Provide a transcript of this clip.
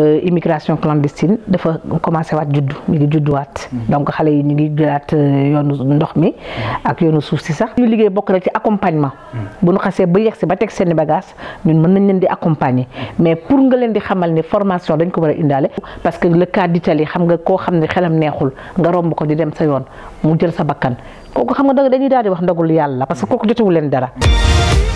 Euh, immigration clandestine dafa commencé waat judd ñu ngi judduwaat mhm. donc xale yi ñu ngi jëlaat euh, yoonu ndox mi ak yoonu suuf si sax ñu liggéey bokk rek ci accompagnement mhm. bu nu xasee ba yegsi ba teg seeni bagage ñun mën nañ leen di accompagner mhm. mais pour nga leen di xamal ne formation dañ ko war a indaale parce que le cas d'Italie xam nga koo xam ne xelam neexul nga romb ko di dem sa yoon mu jël sa bakkan kooku xam nga dañuy daal di wax ndogul yàlla